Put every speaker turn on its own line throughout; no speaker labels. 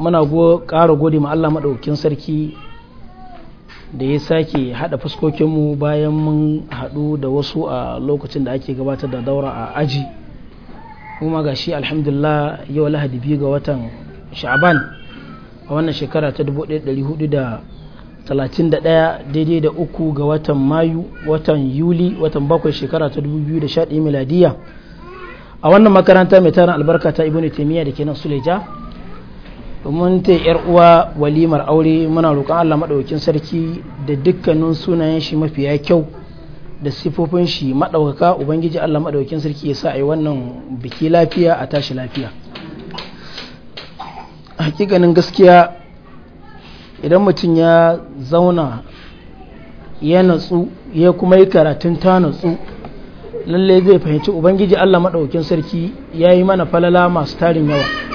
muna ƙara gode ma Allah maɗaukin sarki da ya sake haɗa fuskokinmu bayan mun haɗu da wasu a lokacin da ake gabatar da daura a aji kuma ga shi alhamdulillah yau lahadi biyu ga watan sha'aban a wannan shekara ta 1431 daidai da uku ga watan mayu watan yuli watan bakwai shekara ta 2011 miladiya a wannan makaranta mai taron albarka ta ibn taimiyya da kenan suleja domin ta yar uwa walimar aure muna roƙon Allah maɗaukin sarki da dukkanin sunayen shi mafiya kyau da sifofin shi maɗaukaka ubangiji Allah maɗaukin sarki ya sa a yi wannan biki lafiya a tashi lafiya hakikanin gaskiya idan mutum ya zauna ya natsu ya kuma yi karatun ta natsu lallai zai fahimci ubangiji Allah maɗaukin sarki ya yi mana falala masu tarin yawa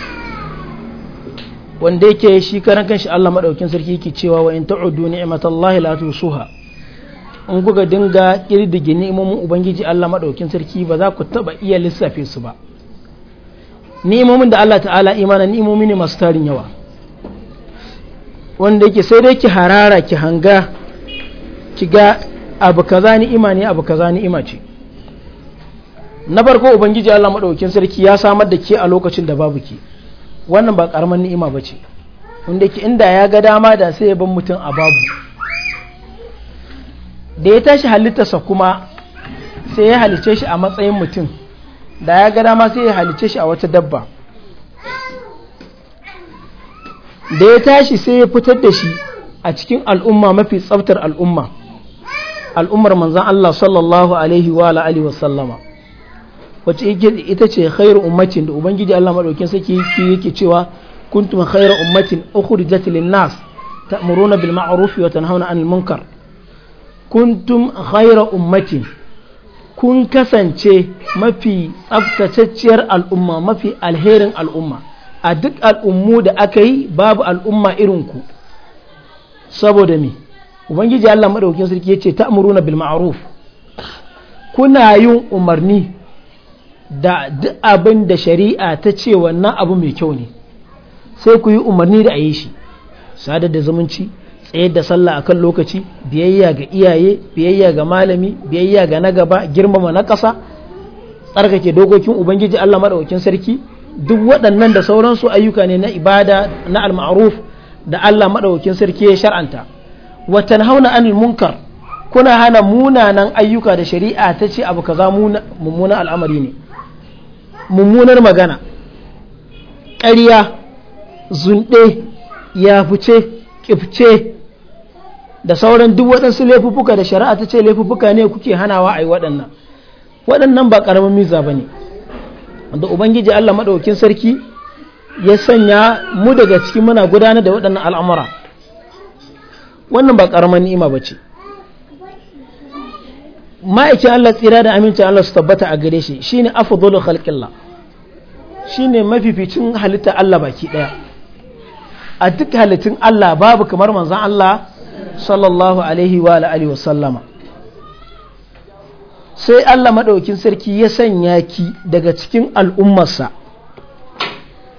wanda yake shi karan kanshi Allah madaukin sarki yake cewa wa in ta'udu ni'matallahi la tusuha in kuka dinga kirdige ni'imomin ubangiji Allah madaukin sarki ba za ku taba iya lissafe su ba ni'imomin da Allah ta'ala imana ni'imomi ne masu tarin yawa wanda yake sai dai ki harara ki hanga ki ga abu kaza ni'ima ne abu kaza ni'ima ce na farko ubangiji Allah madaukin sarki ya samar da ke a lokacin da babu ke. wannan ba karamar ni'ima ba ce wanda ke inda ya ga dama da sai ya ban mutum a babu da ya tashi halittarsa kuma sai ya halice shi a matsayin mutum da ya ga dama sai ya halice shi a wata dabba da ya tashi sai ya fitar da shi a cikin al'umma mafi tsaftar al'umma al'ummar manzan Allah sallallahu alaihi wa wace ita ce khairu ummatin da ubangiji Allah madaukin saki yake cewa kuntum khairu ummatin ukhrijat lin nas ta'muruna bil ma'ruf wa tanhauna 'anil munkar kuntum khairu ummatin kun kasance mafi tsaftatacciyar al'umma mafi alherin al'umma a duk al'ummu da aka yi babu al'umma irin ku. saboda me ubangiji Allah madaukin sarki yace ta'muruna bil ma'ruf kuna yin umarni da duk abin da shari'a ta ce wannan abu mai kyau ne sai ku yi umarni da a yi shi sadar da zumunci tsayar da sallah a kan lokaci biyayya ga iyaye biyayya ga malami biyayya ga na gaba girmama na ƙasa tsarkake dokokin ubangiji Allah madaukakin sarki duk waɗannan da sauransu ayyuka ne na ibada na al al-ma'ruf da Allah madaukakin sarki ya shar'anta watan hauna anil munkar kuna hana munanan ayyuka da shari'a ta ce abu kaza mummunan al'amari ne mummunar magana ƙarya zunɗe yafuce ƙifce da sauran duk waɗansu laifuffuka da shari'a ta ce laifuffuka ne kuke hanawa a yi waɗannan waɗannan ba ƙaramin miza ba ne wanda ubangiji allah maɗaukin sarki ya sanya mu daga cikin muna gudanar da waɗannan al'amura wannan ba ƙaramin ni'ima ba ce ma'aikin Allah tsira da amincin Allah su tabbata a gare shi shine afdalul khalqillah shine mafificin halitta Allah baki daya a duk halittun Allah babu kamar manzon Allah sallallahu alaihi wa alihi wa sallama sai Allah madaukin sarki ya sanya ki daga cikin al'ummarsa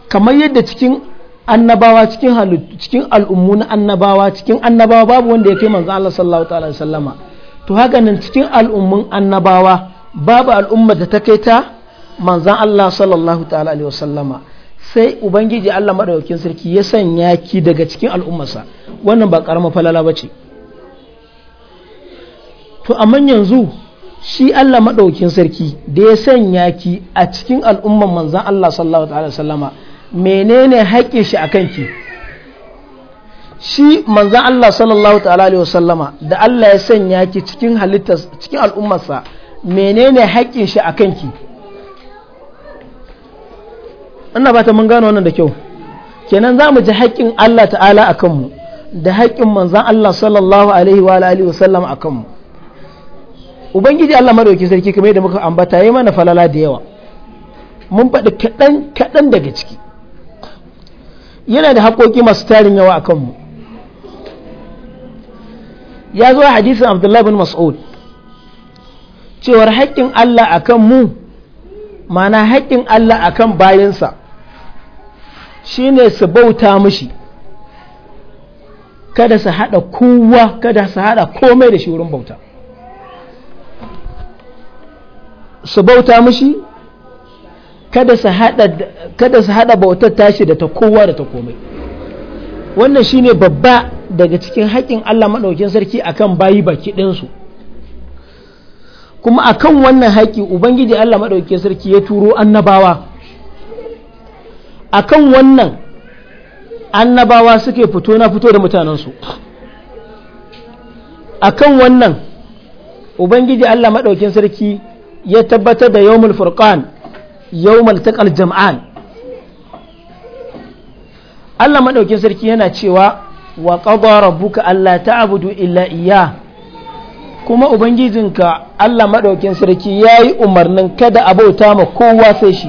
kamar yadda cikin annabawa cikin halittu cikin al'ummu na annabawa cikin annabawa babu wanda ya kai manzan Allah sallallahu alaihi wa sallama to haka nan cikin al'ummin annabawa babu al'umma da ta kai ta manzan Allah sallallahu ta'ala alaihi wasallama sai ubangiji Allah Maɗaukin sarki ya sanya ki daga cikin al'ummarsa wannan ba karama falala ba ce to amma yanzu shi Allah Maɗaukin sarki da ya sanya ki a cikin al'ummar manzan Allah sallallahu ta'ala alaihi wasallama menene haƙƙin shi akan ki shi manzan Allah sallallahu ta'ala alaihi wasallama da Allah ya sanya ki cikin halittar cikin al'ummarsa menene haƙƙin shi a kanki ina ba ta mun gano wannan da kyau kenan za mu ji haƙƙin Allah ta'ala a kanmu da haƙƙin manzan Allah sallallahu alaihi wa alihi wasallama a kanmu ubangiji Allah madauki sarki kamar yadda muka ambata yayi mana falala da yawa mun faɗi kaɗan kaɗan daga ciki yana da haƙoƙi masu tarin yawa a kanmu ya zo hadisin abdullahi bin mas'ud cewar haƙƙin Allah akan mu mana haƙƙin Allah akan bayansa shine su bauta mushi kada su haɗa kowa kada su haɗa komai da shi wurin bauta su bauta mushi kada su haɗa bautar tashi da ta kowa da ta komai wannan shi ne babba daga cikin haƙƙin Allah maɗaukin sarki akan bayi baki ɗinsu kuma akan wannan haƙƙi ubangiji Allah maɗaukin sarki ya turo annabawa akan wannan annabawa suke fito na fito da mutanensu akan wannan ubangiji Allah maɗaukin sarki ya tabbatar da yawmul furqan yawmul taqal jam'an Allah maɗaukin sarki yana cewa wa qada rabbuka ta abudu illa iya kuma ubangijinka Allah maɗaukin sarki ya yi umarnin kada a bauta ma kowa sai shi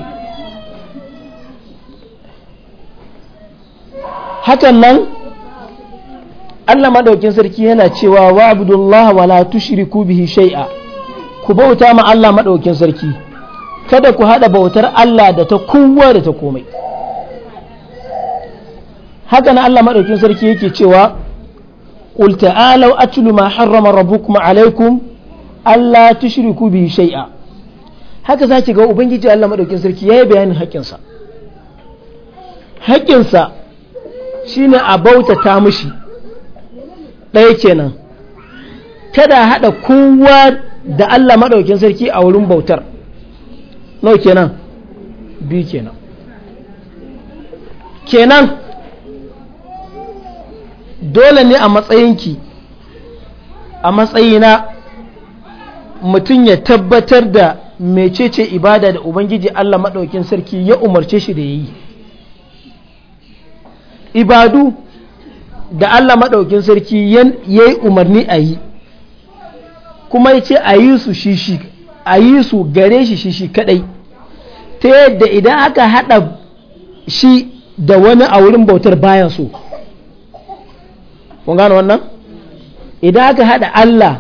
hakan nan Allah maɗaukin sarki yana cewa wa abdullahi wa la tushriku bihi shay'a ku bauta ma Allah maɗaukin sarki kada ku haɗa bautar Allah da ta kowa da ta komai haka na Allah madaukin sarki yake cewa qul ta'alu atlu ma harrama rabbukum alaikum alla tushriku bi shay'a haka zaki ga ubangiji Allah madaukin sarki yayi bayanin hakinsa haƙƙinsa shine a bautata mushi ɗaya kenan kada haɗa kowa da Allah maɗaukin sarki a wurin bautar nau kenan biyu kenan kenan dole ne a matsayinki a matsayina mutum ya tabbatar da mecece ibada da ubangiji Allah maɗaukin sarki ya umarce shi da ya yi ibadu da Allah maɗaukin sarki ya yi umarni a yi kuma ya ce a yi su shishi a yi shi shishi kaɗai ta yadda idan aka haɗa shi da wani a wurin bautar bayan so kun gane wannan idan aka haɗa Allah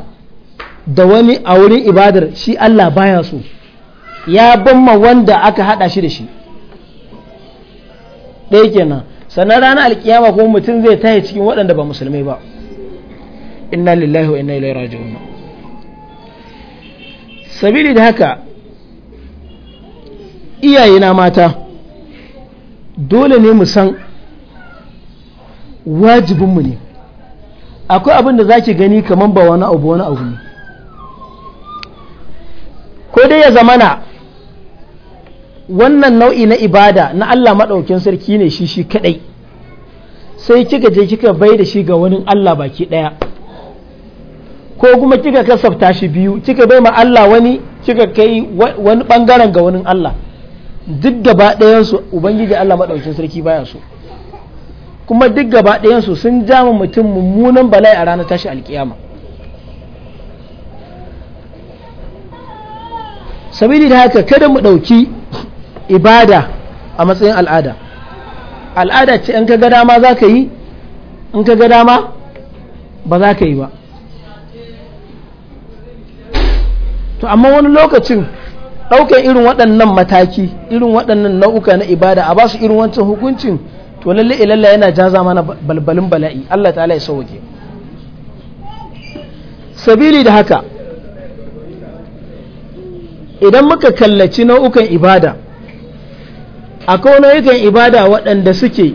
da wani a wurin ibadar shi Allah baya so ya bamma wanda aka haɗa shi da shi ɗaya kenan sannan ranar alkiyama kuma mutum zai taya cikin waɗanda ba musulmai ba inna lillahi wa inna ilaihi raji'un sabili da haka iyayena mata dole ne mu san wajibin mu ne akwai abin da za ki gani kamar ba wani abu wani abu ne ko dai ya zamana wannan nau'i na ibada na Allah maɗaukin sarki ne shi shi kaɗai sai kika je kika bai da shi ga wani Allah baki ɗaya ko kuma kika kasafta shi biyu kika bai ma Allah wani kika kai wani ɓangaren ga wani Allah duk gaba ɗayansu ubangiji Allah maɗaukin sarki baya so kuma duk gaba ɗayansu sun ja ma mutum mummunan bala'i a ranar tashi alkiyama sabili da haka kada mu ɗauki ibada a matsayin al'ada al'ada ce in ka ga dama za ka yi in ka ga dama ba za ka yi ba to amma wani lokacin ɗaukar irin waɗannan mataki irin waɗannan nau'uka na ibada a ba su irin wancan hukuncin to lalle ilalla eh, yana jaza mana balbalin bala'i Allah ta'ala ya sauke sabili da haka idan muka kallaci nau'ukan ibada akwai nau'ukan ibada waɗanda suke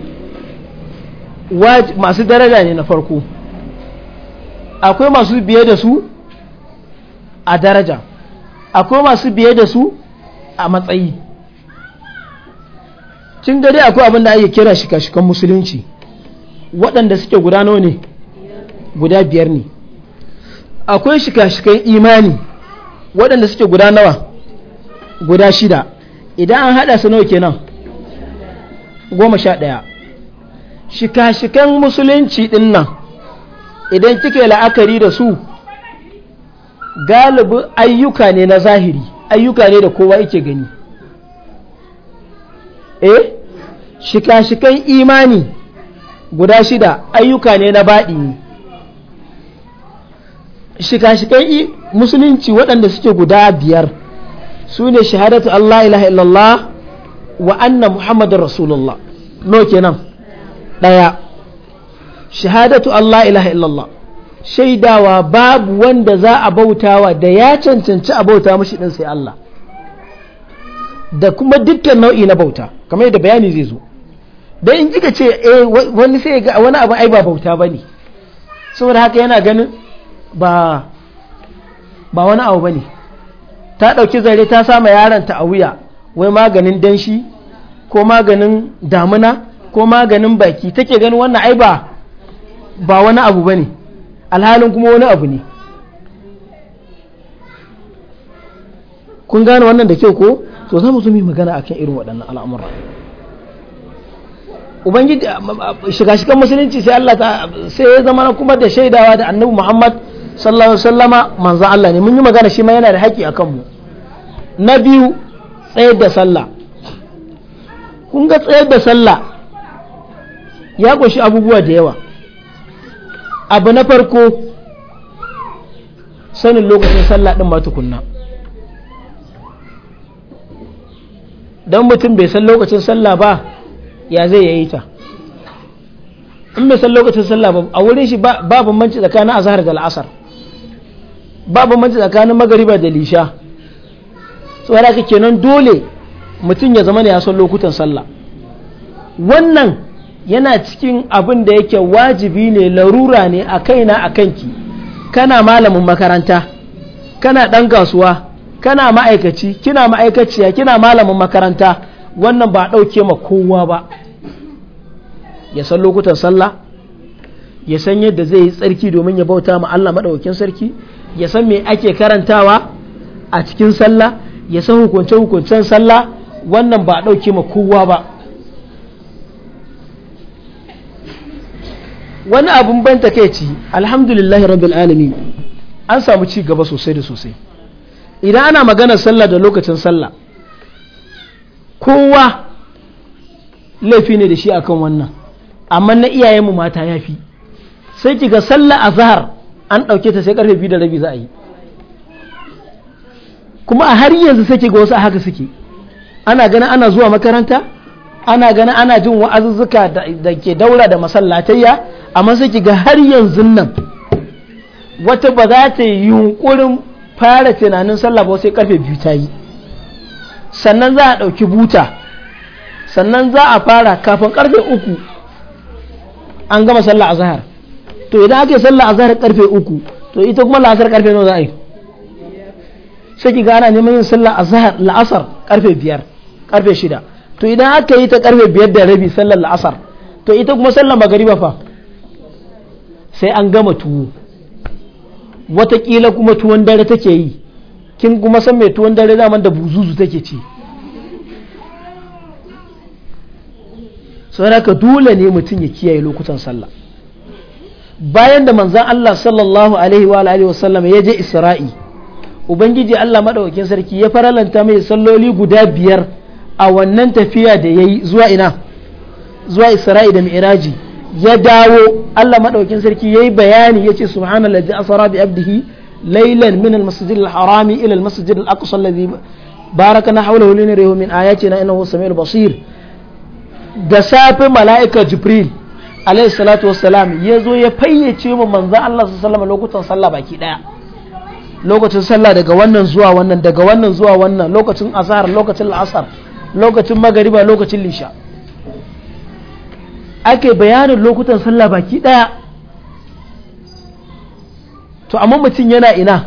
masu daraja ne na farko akwai masu biye da su a daraja akwai masu biye da su a matsayi Cin da dai akwai abin da ake kira shika-shikan musulunci waɗanda suke guda nawa ne guda biyar ne akwai shika-shikan imani waɗanda suke guda nawa guda shida idan an haɗa su nawa kenan goma sha ɗaya shika-shikan musulunci ɗin nan idan kike la'akari da su galibi ayyuka ne na zahiri ayyuka ne da kowa yake gani eh shika-shikan imani guda shida ayyuka ne na baɗi shika-shikan musulunci waɗanda suke guda biyar su ne shahadatu Allah ilaha illallah wa anna muhammadun rasulullah no kenan ɗaya shahadatu Allah ilaha illallah shaidawa babu wanda za a bautawa da ya cancanci a bauta mashi ɗin sai Allah da kuma dukkan nau'i na bauta kamar yadda bayani zai zo dan in kika ce eh wani sai ga wani abu ai ba bauta bane saboda haka yana ganin ba ba wani abu bane ta dauki zare ta sama yaron ta a wuya wai maganin danshi ko maganin damuna ko maganin baki take ganin wannan ai ba ba wani abu bane alhalin kuma wani abu ne kun gane wannan da kyau ko to za mu zo mu magana akan irin waɗannan al'amura ubangiji shiga shigan musulunci sai Allah ta sai ya zama kuma da shaidawa da annabi Muhammad sallallahu alaihi wasallama manzo Allah ne mun yi magana shi ma yana da haƙi akan mu na biyu tsayar da sallah kun ga tsayar da sallah ya ƙunshi abubuwa da yawa abu na farko sanin lokacin sallah din ma tukunna don mutum bai san lokacin sallah ba ya zai yayi ta in bai san lokacin sallah ba a wurin shi ba bambanci tsakanin azhar da al'asar ba bambanci tsakanin magariba da lisha saboda kenan dole mutum ya zama ne ya san lokutan sallah wannan yana cikin abin da yake wajibi ne larura ne a kaina a kanki kana malamin makaranta kana ɗan kasuwa kana ma'aikaci kina ma'aikaciya kina malamin makaranta wannan ba ɗauke ma kowa ba ya san lokutan sallah ya san yadda zai yi tsarki domin ya bauta ma Allah maɗaukin sarki ya san me ake karantawa a cikin sallah ya san hukunce-hukuncen sallah wannan ba ɗauke ma kowa ba wani abun ban takaici alhamdulillahi rabbil alamin an samu ci gaba sosai da sosai idan ana magana sallah da lokacin sallah kowa laifi ne da shi akan wannan amma na iyayenmu mata ya fi sai kiga sallah azhar an ɗauke ta sai karfe biyu da rabi za a yi kuma a har yanzu sai kiga wasu a haka suke ana gana ana zuwa makaranta ana gani ana jin wa'azuzzuka da ke daura da masallatayya amma sai kiga har yanzu nan wata ba za ta yi yunƙurin. fara tunanin sallah ba sai karfe biyu ta yi sannan za a ɗauki buta sannan za a fara kafin karfe uku an gama sallah a zahar to idan ake sallah a zahar karfe uku to ita kuma la'asar karfe nawa za a yi sai ki ana neman yin sallah a zahar la'asar karfe biyar karfe shida to idan aka yi ta karfe biyar da rabi sallar la'asar to ita kuma sallar magariba fa sai an gama tuwo watakila kuma tuwon dare take yi kin kuma san mai tuwon dare daman da buzuzu take ci ka dole ne mutum ya kiyaye lokutan sallah bayan da manzan Allah sallallahu alaihi wa alihi wa sallam ya je Isra'i ubangiji Allah madaukakin sarki ya faralanta mai salloli guda biyar a wannan tafiya da yayi zuwa ina zuwa Isra'i da Mi'raji ya dawo Allah maɗaukin sarki ya yi bayani ya ce yace subhanallazi asra bi abdihi laylan min al-masjid al-haram ila al-masjid al-aqsa alladhi barakana hawlahu linuriyahu min na innahu samiul basir da safe mala'ika jibril alayhi salatu wassalam ya zo ya fayyace mu manzo Allah sallallahu lokutan sallah baki daya lokacin sallah daga wannan zuwa wannan daga wannan zuwa wannan lokacin azhar lokacin al'asar lokacin magariba lokacin lisha ake bayanin lokutan sallah baki ɗaya to amma mutum yana ina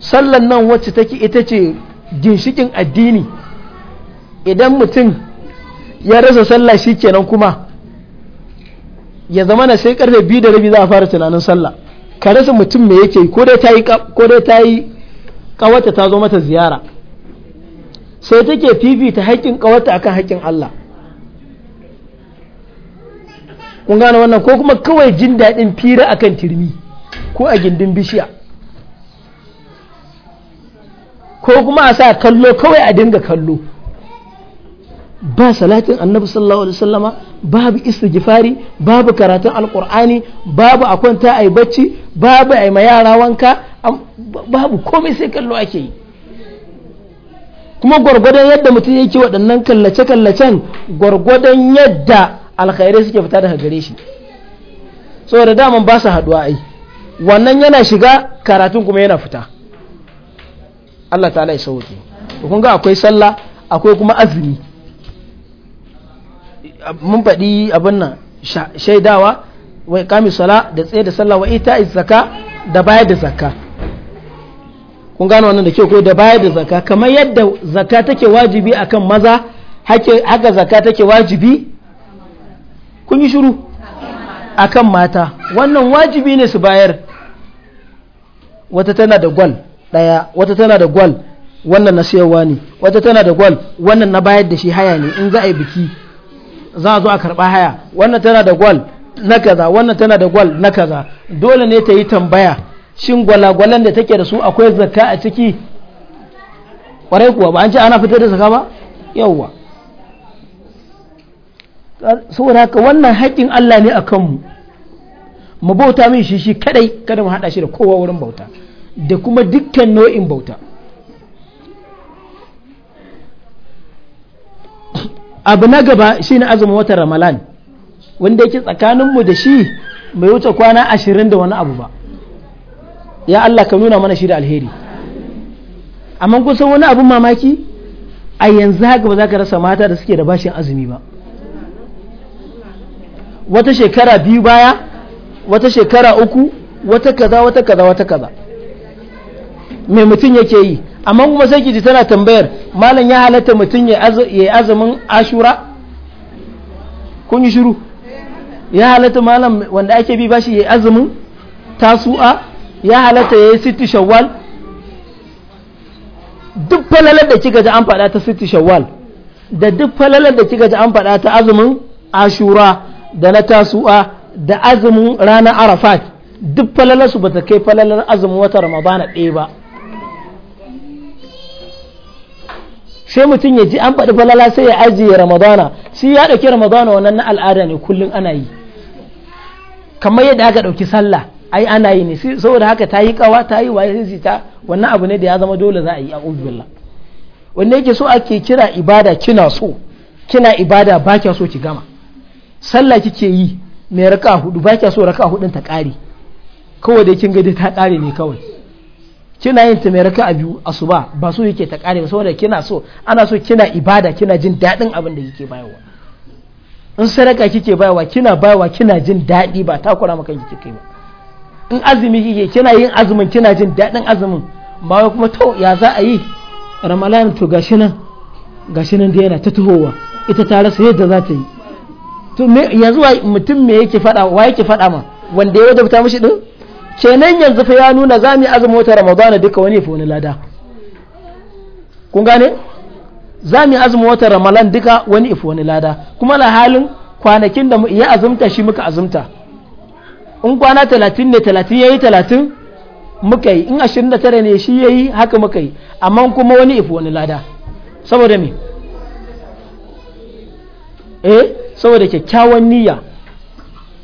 sallan nan wacce take ita ce ginshikin addini idan mutum ya rasa sallah shi kenan kuma ya zama na sai karfe biyu da rabi za a fara tunanin sallah ka rasa mutum me yake ko dai ta yi kawata ta zo mata ziyara sai take ta haƙƙin kawata akan haƙƙin Allah kun gane wannan ko kuma kawai jin daɗin fira kan turmi ko a gindin bishiya ko kuma a sa kallo kawai a dinga kallo ba salatin annabi sallallahu alaihi wasallama babu istighfari babu karatun alqur'ani babu a kwanta ai bacci babu ai ma yara wanka babu komai sai kallo ake yi kuma gwargwadon yadda mutum yake waɗannan kallace-kallacen gwargwadon yadda alkhairai suke fita daga gare shi saboda daman ba su haduwa ai wannan yana shiga karatun kuma yana fita Allah ta'ala ya sauke kun ga akwai sallah akwai kuma azumi mun faɗi abin nan shaidawa wai kami sala da tsaye da sallah wa ita zakka da bayar da zakka kun gano wannan da ke ko da bayar da zakka kamar yadda zakka take wajibi akan maza haka zakka take wajibi kun yi shiru kan mata wannan wajibi ne su bayar wata tana da gwal ɗaya wata tana da gwal wannan na siyarwa ne wata tana da gwal wannan na bayar da shi haya ne in za a yi biki za a zo a karɓa haya wannan tana da gwal na kaza wannan tana da gwal na kaza dole ne ta yi tambaya shin gwalagwalan da take da su akwai zakka a ciki kwarai kuwa ba an ce ana fitar da zakka ba yawwa saboda haka wannan haƙƙin Allah ne a kanmu mu bauta min shi shi kadai kada mu haɗa shi da kowa wurin bauta da kuma dukkan nau'in bauta abu na gaba shi ne azumin watan ramalan wanda yake tsakaninmu da shi mai wuce kwana ashirin da wani abu ba ya Allah ka nuna mana shi da alheri amma kusan wani abun mamaki a yanzu haka ba za ka rasa mata da suke da bashin azumi ba wata shekara biyu baya wata shekara uku wata kaza wata kaza wata kaza mai mutum yake yi amma kuma sai kiji tana tambayar malam ya halatta mutum ya yi azumin ashura kun yi shiru ya halatta malam wanda ake bi bashi ya yi azumin tasu'a ya halatta ya yi sitti shawwal duk falalar da kika ji an faɗa ta sitti shawwal da duk falalar da kika ji an faɗa ta azumin ashura da na tasu'a da azumin ranar arafat duk falalarsu ba ta kai falalar azumin wata ramadana ɗaya ba sai mutum ya ji an faɗi falala sai ya ajiye ramadana shi ya ɗauki ramadana wannan na al'ada ne kullum ana yi kamar yadda aka ɗauki sallah ai ana yi ne saboda haka ta yi kawa ta yi waye ta wannan abu ne da ya zama dole za a yi a ubillah wanda yake so ake kira ibada kina so kina ibada ba kya so ki gama sallah kike yi mai raka hudu ba kya so raka hudun ta kare kawai dai kin ga ta kare ne kawai kina yin ta mai raka a biyu asuba ba so yake ta kare ba saboda kina so ana so kina ibada kina jin daɗin abin da kike bayarwa in sadaka kike bayarwa kina bayarwa kina jin daɗi ba takura maka kike kai ba in azumi kike kina yin azumin kina jin daɗin azumin ba wai kuma to ya za a yi ramalan to gashi nan gashi nan da yana ta tuhowa ita ta rasa yadda za ta yi to yanzu mutum me yake fada wa yake fada ma wanda ya wajabta mishi din kenan yanzu fa ya nuna za mu azumi wata ramadana duka wani fa wani lada kun gane za mu azumi wata ramalan duka wani ifi wani lada kuma la halin kwanakin da ya azumta shi muka azumta in kwana talatin ne talatin ya yi talatin muka yi in ashirin da tara ne shi ya yi haka muka yi amma kuma wani ifi wani lada saboda me eh saboda kyakkyawan niyya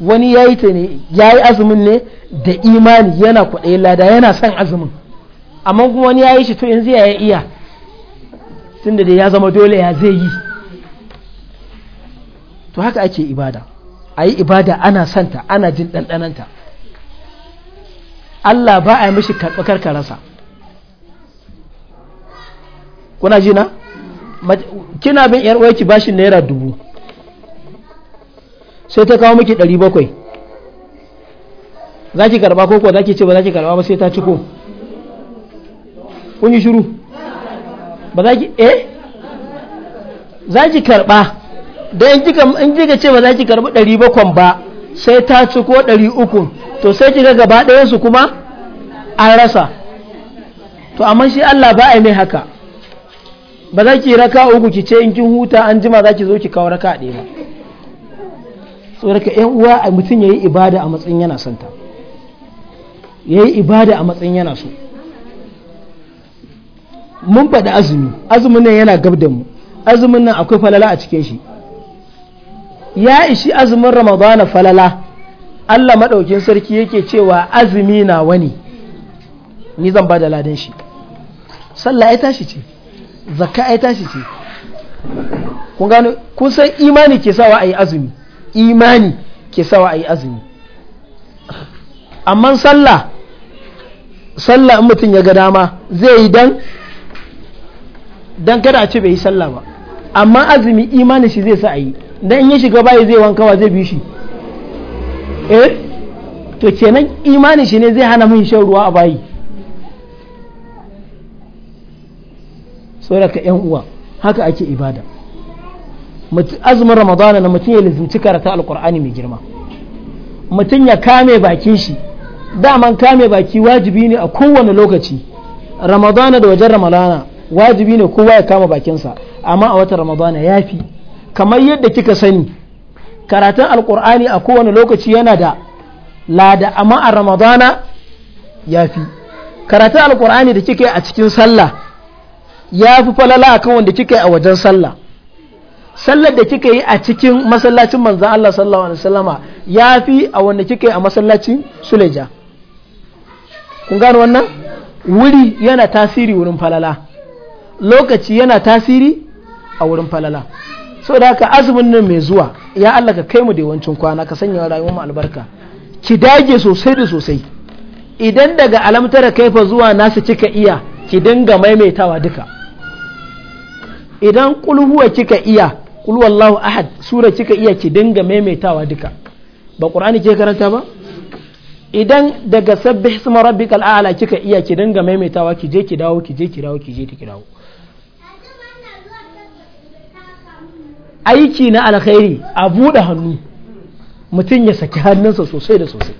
wani ya yi ta ne ya yi azumin ne da imani yana kwaɗayi lada yana son azumin amma kuma wani ya yi shi to in zai ya iya tun da ya zama dole ya zai yi to haka ake ibada a yi ibada ana santa ana jin ɗanɗananta Allah ba a yi mishi karɓakar karasa kuna jina kina bin yar ki bashin naira dubu sai ta kawo miki 700 za ki karba ko kuwa za ki ce ba za ki karba ba sai ta ciko kun yi shiru ba za ki eh za ki karba da in kika ce ba za ki ɗari 700 ba sai ta ciko 300 to sai ga gaba ɗaya su kuma an rasa to amma shi Allah ba a mai haka ba za ki raka uku ki ce in kin huta an jima za ki zo ki kawo raka ɗaya ba tsoraka yan uwa a mutum ya yi ibada a matsayin yana santa ya yi ibada a matsayin yana so mun faɗi azumi azumin nan yana gab da mu azumin nan akwai falala a cikin shi ya ishi azumin ramadana falala Allah maɗaukin sarki yake cewa azumi na wani ni zan ba da ladan shi sallah ya tashi ce zakka ya tashi ce kun gano kun san imani ke sawa a yi azumi imani ke sawa a yi azumi amma sallah sallah in mutum ya ga dama zai yi dan dan kada a ce bai yi sallah ba amma azumi imani shi zai sa a yi dan ya shiga baya zai wankawa zai bi shi eh to kenan imani shi ne zai hana mun shan ruwa a bayi saboda ka yan uwa haka ake ibada azumin ramadana na mutum ya lizinci karatu alkur'ani mai girma mutum ya kame bakin shi daman kame baki wajibi ne a kowane lokaci ramadana da wajen ramadana wajibi ne kowa ya kama bakinsa amma a watan ramadana ya fi kamar yadda kika sani karatun alkur'ani a kowane lokaci yana da lada amma a ramadana ya fi karatun alkur'ani da kika yi a cikin sallah ya fi falala kan wanda kika yi a wajen sallah sallar da kika yi a cikin masallacin manzan Allah sallallahu alaihi wasallama ya fi a wanda kika yi a masallacin suleja kun gano wannan wuri yana tasiri wurin falala lokaci yana tasiri a wurin falala so da haka azumin nan mai zuwa ya Allah ka kai mu da yawancin kwana ka sanya rayuwar mu albarka ki dage sosai da sosai idan daga alamtara kaifa zuwa nasu kika iya ki dinga maimaitawa duka idan kulhuwa kika iya kul wallahu ahad sura kika iya ki dinga maimaitawa duka ba qur'ani ke karanta ba idan daga sabbih sama rabbikal a'la kika iya ki dinga maimaitawa ki je ki dawo ki je ki dawo ki je ki dawo aiki na alkhairi a bude hannu mutum ya saki hannunsa sosai da sosai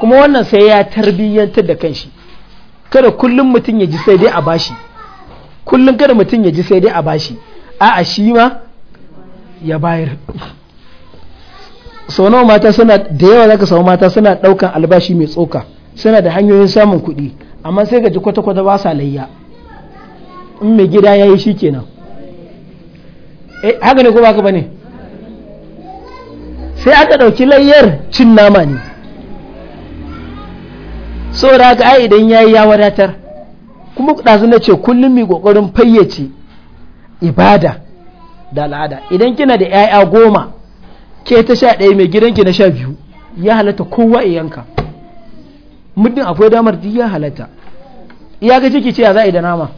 kuma wannan sai ya tarbiyyantar da kanshi kada kullum mutum ya ji sai dai a bashi kullum kada mutum ya ji sai dai a bashi a a shi ma ya bayar sau nawa mata suna da yawa zaka samu mata suna daukan albashi mai tsoka suna da hanyoyin samun kuɗi amma sai gaji kwata-kwata ba sa layya in mai gida ya yi shi kenan eh, haka ne ko ba ka ba sai aka ɗauki layyar cin nama ne saboda haka ai idan ya yi ya wadatar kuma ɗazu na ce kullum mai ƙoƙarin fayyace ibada da al'ada idan kina da 'ya'ya goma ke ta sha ɗaya mai gidanki na sha biyu ya halatta kowa a yanka muddin akwai damar ya halatta Ya ga ciki ce ya za a yi da nama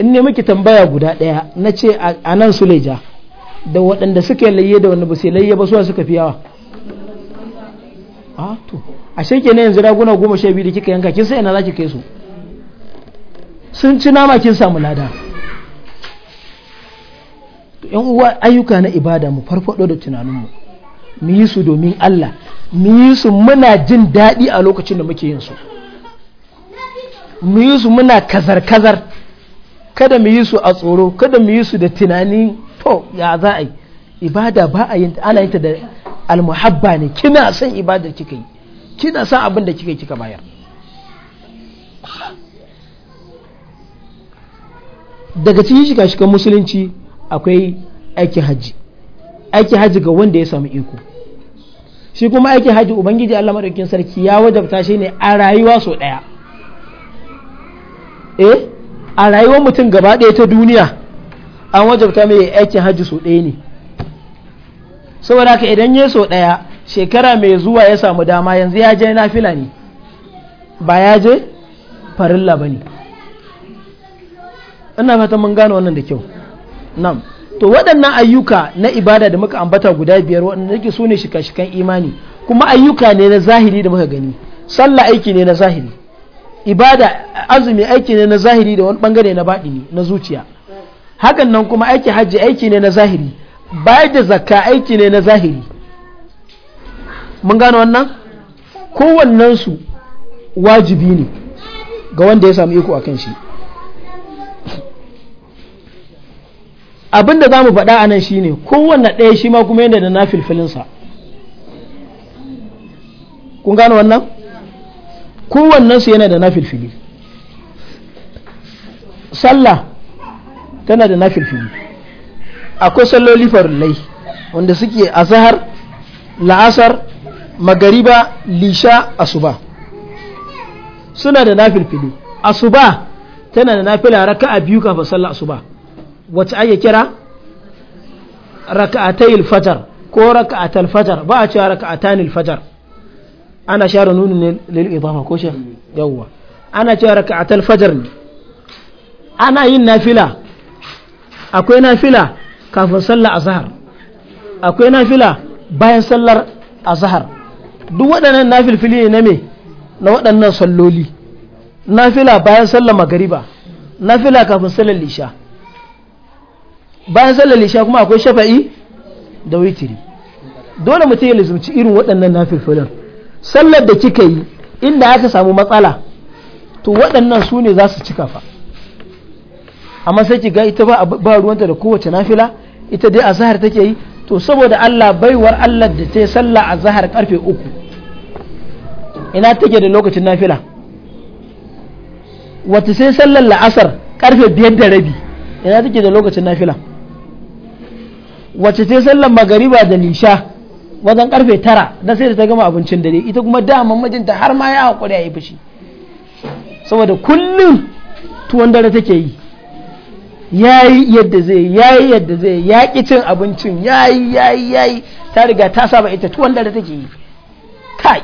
in ne muke tambaya guda ɗaya na ce a nan su leja da waɗanda suka layye da wanda ba su layye ba suwa suka fi yawa a ah, to a shanke na yanzu raguna goma sha biyu da kika yanka kin sai ina za ki kai su sun ci nama kin samu lada to yan uwa ayyuka na ibada mu farfado da tunanin mu yi su domin Allah mu yi su muna jin daɗi a lokacin da muke yin su mu yi su muna kazar-kazar kada mu yi su a tsoro kada mu yi su da tunani to ya za a yi ibada ba a yin ana yin ta da almuhabba ne kina son ibada kika yi kina son abin da kika yi kika bayar daga cikin shiga shiga musulunci akwai aiki haji aiki haji ga wanda ya samu iko shi kuma aiki hajji ubangiji Allah madaukakin sarki ya wajabta shi ne a rayuwa so daya eh a rayuwar mutum gaba ɗaya ta duniya an wajabta mai aiki hajji so ɗaya ne saboda ka idan ya so ɗaya shekara mai zuwa ya samu dama yanzu ya je nafila ne ba ya je farilla ba ne ina fatan mun gane wannan da kyau nam to waɗannan ayyuka na ibada da muka ambata guda biyar waɗanda nake so ne shika-shikan imani kuma ayyuka ne na zahiri da muka gani sallah aiki ne na zahiri ibada azumi aiki ne na zahiri da wani bangare na ne na zuciya hakan nan kuma aiki hajji aiki ne na zahiri bayar da zakka aiki ne na zahiri mun gano wannan kowannensu wajibi ne ga wanda ya samu iko a kan shi abin da za mu faɗa a nan shine kowanne ɗaya shi ma kuma yana da na filfilinsa kun gane wannan kowannensu yana da na filfili sallah tana da na filfili akwai salloli farillai wanda suke azahar la'asar magariba lisha asuba suna da na filfili asuba tana da na fila a biyu kafin sallah asuba wacce ake kira raka'atayil fajar ko raka'atal fajar ba a cewa raka'atanil fajar ana share nunin ne lil idafa ko shi yawwa ana cewa raka'atal fajar ne ana yin nafila akwai nafila kafin sallar azhar akwai nafila bayan sallar azhar duk waɗannan nafilfili ne na me na waɗannan salloli nafila bayan sallar magariba nafila kafin sallar lisha bayan sallar isha kuma akwai shafa'i da witiri dole mutum ya lizumci irin waɗannan nafilfilin sallar da kika yi inda aka samu matsala to waɗannan su ne za su cika fa amma sai ki ga ita ba a ruwanta da kowace nafila ita dai azhar take yi to saboda Allah baiwar Allah da ta yi sallah azhar karfe uku ina take da lokacin nafila wata sai sallar la'asar karfe biyar da rabi ina take da lokacin nafila wacce ta sallar magariba da nisha, wajen karfe tara na sai da ta gama abincin dare ita kuma dama mijinta har ma ya haƙuri a yi fushi saboda kullum tuwon dare take yi ya yi yadda zai ya yi yadda zai ya ƙi cin abincin ya yi ya yi ya yi ta riga ta saba ita tuwon dare take yi kai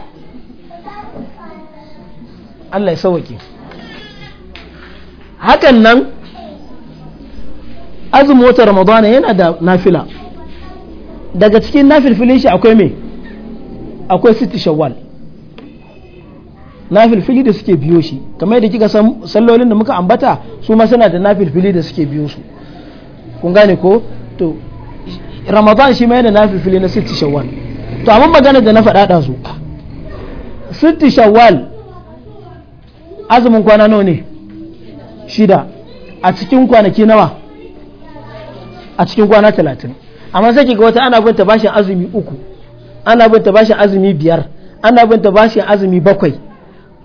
Allah ya sauwake hakan nan azumin wata ramadana yana da nafila daga cikin nafilfilin shi akwai me akwai siti shawwal nafilfili da suke biyo shi kamar yadda kika san sallolin da muka ambata su ma suna da nafilfili da suke biyo su kun gane ko to ramadan shi ma yana nafilfili na siti shawwal to amma magana da na faɗa da su siti shawwal azumin kwana nawa ne shida a cikin kwanaki nawa a cikin kwana talatin amma sai kiga ga wata ana bin ta bashin azumi uku ana bin ta bashin azumi biyar ana bin ta bashin azumi bakwai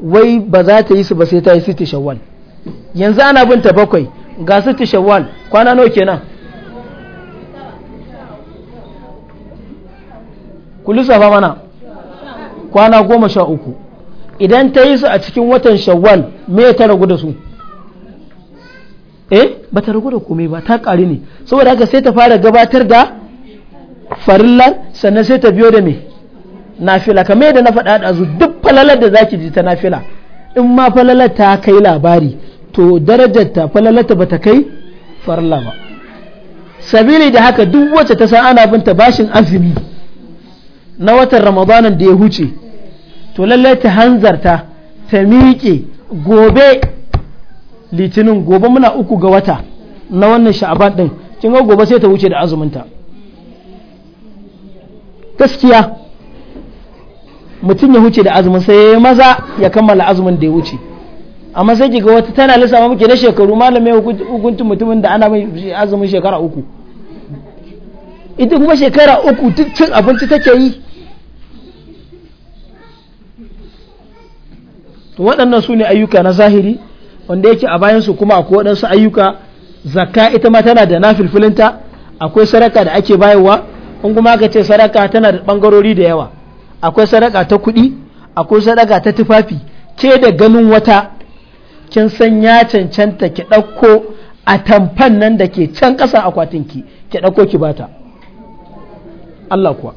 wai ba za ta yi su ba sai ta yi su tishawal yanzu ana bin ta bakwai ga su tishawal kwana nawa kenan ku lissafa mana kwana goma sha uku idan ta yi su a cikin watan shawwal me ta ragu da su eh ba ta ragu da komai ba ta ƙari ne saboda haka sai ta fara gabatar da farillar sannan sai ta biyo da me nafila kamar yadda na faɗa da duk falalar da zaki ji ta nafila in ma falalar ta kai labari to ta ta ba ta kai farilla ba sabili da haka duk wacce ta san ana binta bashin azumi na watan ramadanan da ya huce to lallai ta hanzarta ta miƙe gobe litinin gobe muna uku ga wata na wannan sha'aban ɗin kin ga gobe sai ta wuce da azuminta gaskiya mutum ya huce da azumin sai ya maza ya kammala azumin da ya wuce amma sai kiga wata tana lissafa muke na shekaru malamai hukuntun mutumin da ana mai azumin shekara uku ita kuma shekara uku cin abinci take yi to waɗannan su ne ayyuka na zahiri wanda yake a bayansu kuma akwai waɗansu ayyuka zakka ita ma tana da na filfilinta, akwai sadaka da ake bayarwa in kuma aka ce sadaka tana da bangarori da yawa akwai sadaka ta kuɗi akwai sadaka ta tufafi ke da ganin wata kin san ya cancanta ki ɗauko a tamfan nan da ke can ƙasa akwatin ki ɗauko ki bata Allah kuwa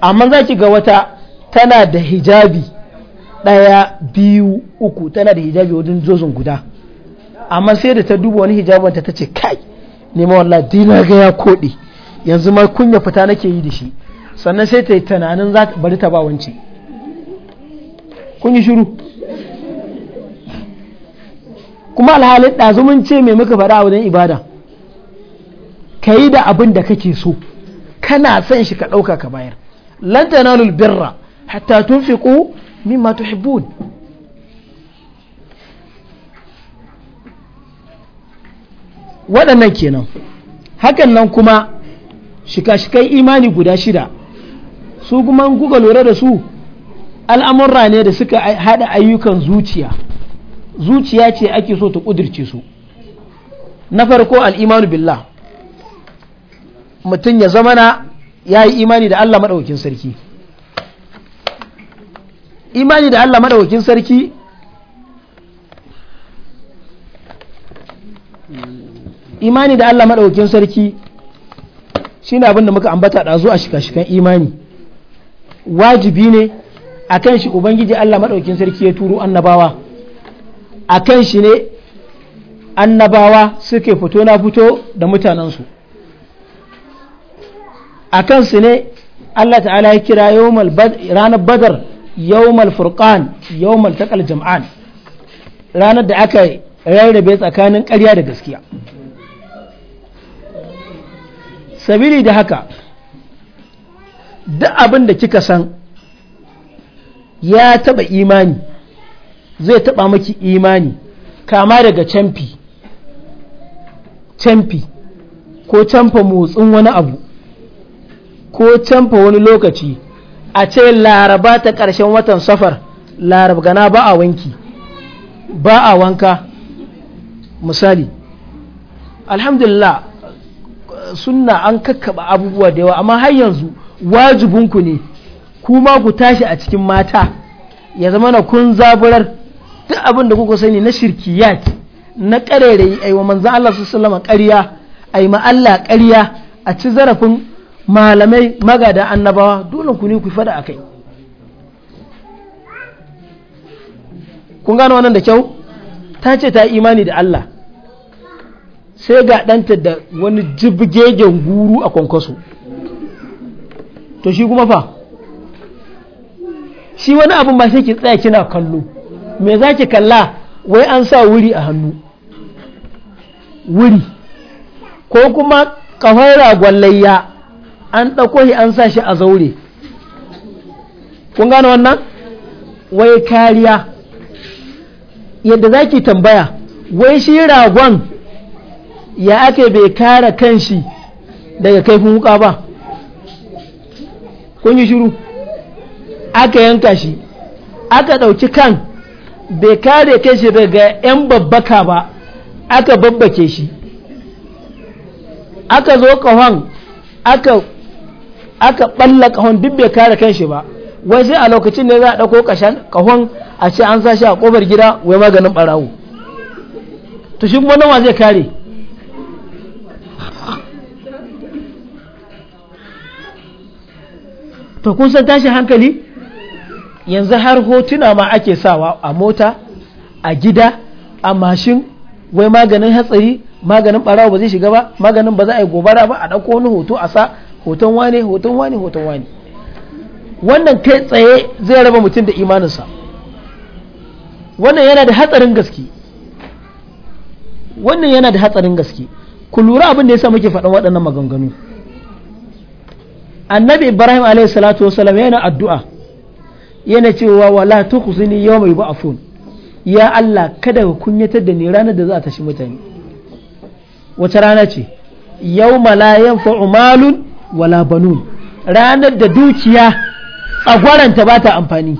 amma za ki ga wata tana da hijabi ɗaya biyu uku tana da hijabi wajen zozon guda amma sai da ta duba wani hijabanta ta ce kai nema wallah dina ga ya koɗe yanzu ma kunya fita nake yi da shi sannan sai ta yi tunanin za ta bari ta ba wance kunyi shiru kuma alhalin mun ce mai muka faɗa wajen ibada ka yi da abin da kake so kana son shi ka ɗauka ka bayar lan tanalul birra hatta tunfiqu mimma tuhibbun waɗannan kenan hakan nan kuma shika-shikai imani guda shida su kuma kuka lura da su al'amurra ne da suka haɗa ayyukan zuciya zuciya ce ake so ta ƙudirce su na farko al'imanu billah mutum ya zamana ya yi imani da Allah maɗaukin sarki imani da Allah maɗaukin sarki imani da Allah maɗaukin sarki shine abin da muka ambata da zuwa shika-shikan imani wajibi ne a kan shi ubangiji Allah Maɗaukin sarki ya turo annabawa A kan shi ne annabawa suke fito na fito da mutanensu a su ne Allah ta'ala ya kira ranar badar yawmal furqan yawmal takal jam'an ranar da aka rarrabe tsakanin ƙarya da gaskiya sabili da haka duk abin da kika san ya taba imani zai taba maki imani kama daga canfi canfi ko canfa motsin wani abu ko canfa wani lokaci a ce laraba ta ƙarshen watan safar gana ba a wanki ba a wanka misali alhamdulillah sunna an kakkaba abubuwa da yawa amma har yanzu wajibinku ne kuma ku tashi a cikin mata ya zama na kun zaburar duk abin da kuka sani na shirkiyat na ƙarerayi a yi wa manzan Allah su sallama ƙarya a yi Allah ƙarya a ci zarafin malamai magada annabawa dole ku ne ku fada a kai kun gano wannan da kyau ta ce ta imani da Allah sai ga ɗanta da wani jibgegen guru a kwankwaso to shi kuma fa shi wani abin ba sai ki tsaya kina kallo me za ki kalla wai an sa wuri a hannu wuri ko kuma ƙahon ragon layya an ɗauko shi an sa shi a zaure kun gane wannan wai kariya yadda za ki tambaya wai shi ragon ya ake bai kare kanshi daga kaifin wuka ba kun yi shiru aka yanka shi aka ɗauki kan bai kare kanshi daga 'yan babbaka ba aka babbake shi aka zo ƙahon aka ɓalla kahon duk bai kare kanshi ba wai sai a lokacin ne za a ɗauko kahon a ce an sa shi a ƙofar gida wai maganin ɓarawo to shi kuma nawa zai kare to kun san tashin hankali yanzu har hotuna ma ake sawa a mota a gida a mashin wai maganin hatsari maganin barawa ba zai shiga ba maganin ba za a yi gobara ba a ɗauko wani hoto a sa hoton wane hoton wane hoton wane wannan kai tsaye zai raba mutum da imaninsa wannan yana da hatsarin gaske wannan yana da hatsarin gaske ku lura abin da ya sa muke faɗan waɗannan maganganu annabi ibrahim alayhi salatu wasallam yana addu'a yana cewa wala tukhzini yawma yub'athun ya Allah kada ka kunyatar da ni ranar da za a tashi mutane wata rana ce yawma la yanfa'u malun wala banun ranar da dukiya tsagwaranta ba ta amfani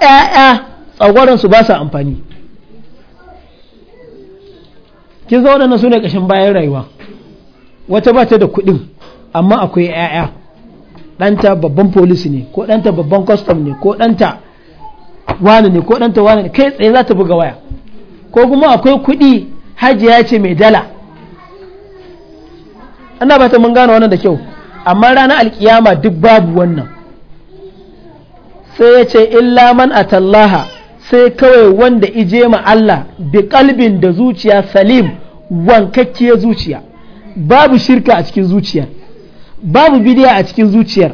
‘ya'ya su ba sa amfani kin zo waɗannan su ne ƙashin bayan rayuwa wata ba ta da kuɗin amma akwai 'ya'ya ɗanta babban polisi ne ko ɗanta babban kwastam ne ko ɗanta wani ne ko ɗanta wani ne kai tsaye za ta buga waya ko kuma akwai kuɗi hajiya ce mai dala ana ba ta mun gane wannan da kyau amma ranar alkiyama duk babu wannan sai ya ce illa man atallaha sai kawai wanda ije ma Allah bi kalbin da zuciya salim wankakkiya zuciya babu shirka a cikin zuciyar babu bidiya a cikin zuciyar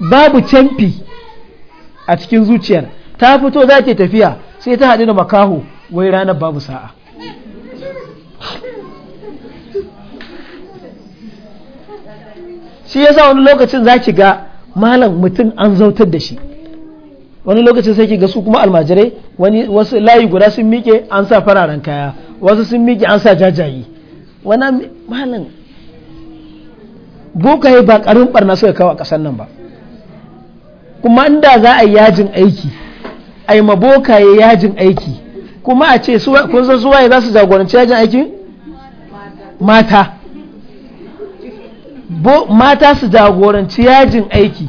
babu canfi a cikin zuciyar ta fito za ke tafiya sai ta haɗu da makaho wai ranar babu sa'a shi yasa wani lokacin za ki ga malam mutum an zautar da shi wani lokacin sai ki ga su kuma almajirai wani wasu layi guda sun miƙe an sa fararen kaya wasu sun miƙe an sa jajayi wani malam ya ba karin barna suka kawo a ƙasar nan ba kuma inda za a yi yajin aiki a yi mabokaye yajin aiki kuma a ce kun san suwaye za su jagoranci yajin aiki? mata mata su jagoranci yajin aiki